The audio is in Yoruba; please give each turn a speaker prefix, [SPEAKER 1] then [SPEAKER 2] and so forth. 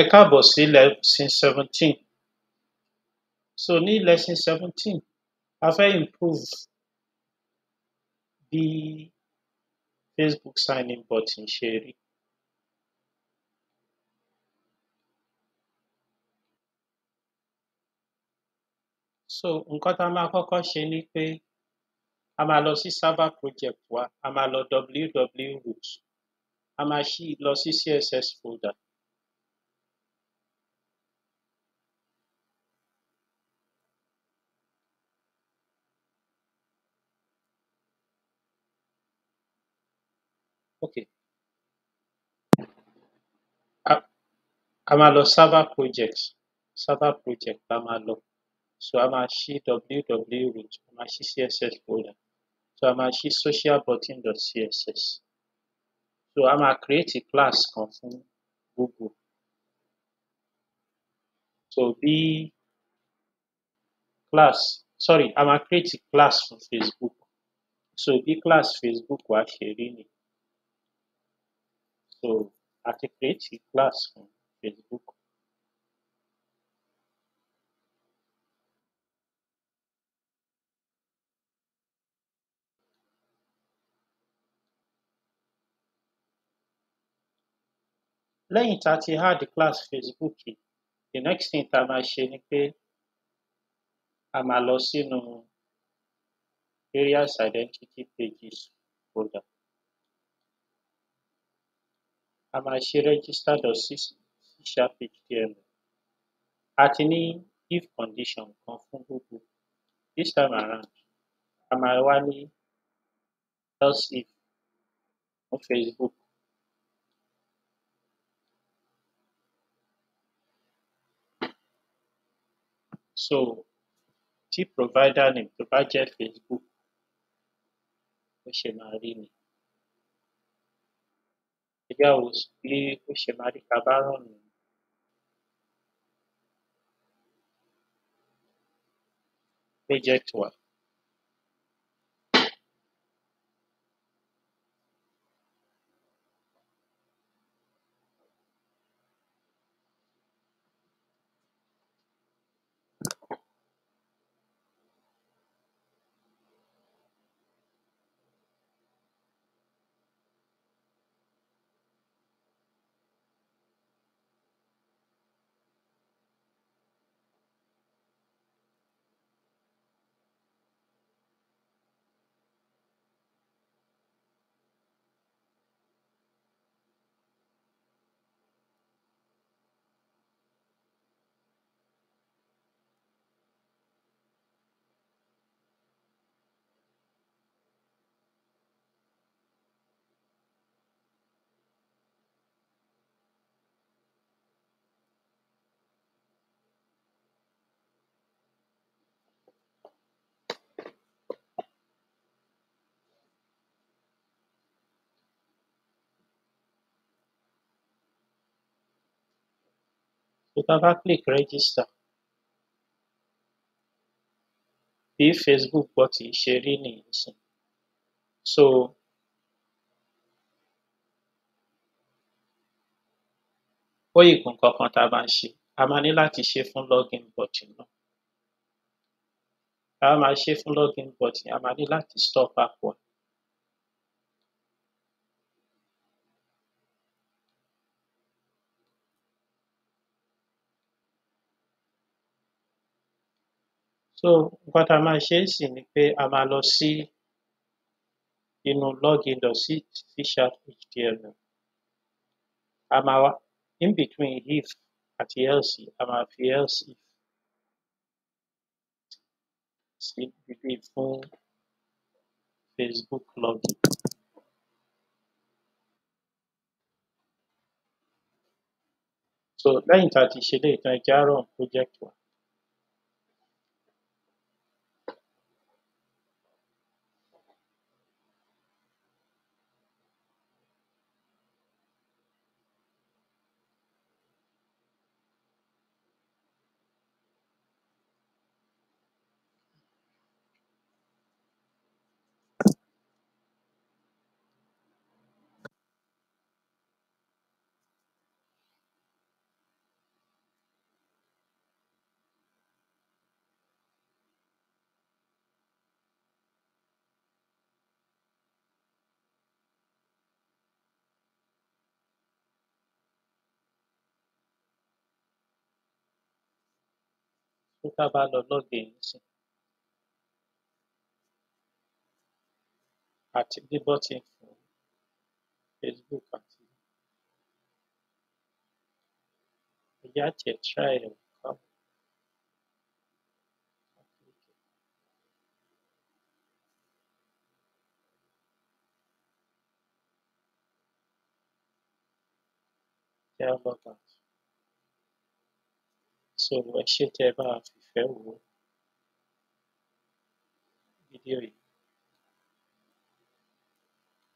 [SPEAKER 1] Ẹ káàbọ̀ sí lesson seventeen. So ní lesson seventeen, a fẹ́ improve bí Facebook sign in button ṣe rí. So nǹkan tá a máa kọ́kọ́ ṣe ni pé a máa lọ sí server project wa, a máa lọ www root, a máa ṣí lọ sí CSS folder. Okay. A a máa lọ server project server project la máa lọ so a máa ṣí www root a máa ṣí css folder so a máa ṣí socialbutton.css so a máa create class kan fún Google so bí class sorry a máa create class fún Facebook so bí class Facebook wa ṣe rí nìyí. So a ti class on Facebook. lẹ́yìn tá a ti add class Facebook yìí the next thing tá a máa ṣe ni pé a máa lọ sínú areas identity pages folder. a máa ṣe register.c#html. A ti ní if condition kan fún Google. This time around, a máa wá ní else if fún Facebook. So, tí provider name tó bá jẹ́ Facebook, ó ṣe máa rí ni goes lé bó ṣe máa rí ta Project work. So tá a bá click register Be Facebook bọ́ ti ṣe rí nìyí sìn. So ó ìgùn kankan tá a bá ń ṣe a máa ní láti ṣe fún login button náà. A máa ṣe fún login button a máa ní láti stop app one. so nǹkan tá a máa ṣe ń sìn ni pé a máa lọ sí inú login dot c sharp html a máa wá in between if àti else a máa fi else if sí between fún facebook login. so lẹ́yìn tá a ti ṣe léyìí tán project one. do cavalo noguense. Artigo de Botinfo, Facebook artigo. Yate Trail. Yeah, about that. so ẹ ṣé tẹ́ ẹ bá wa fìfẹ́ wò fídíò yìí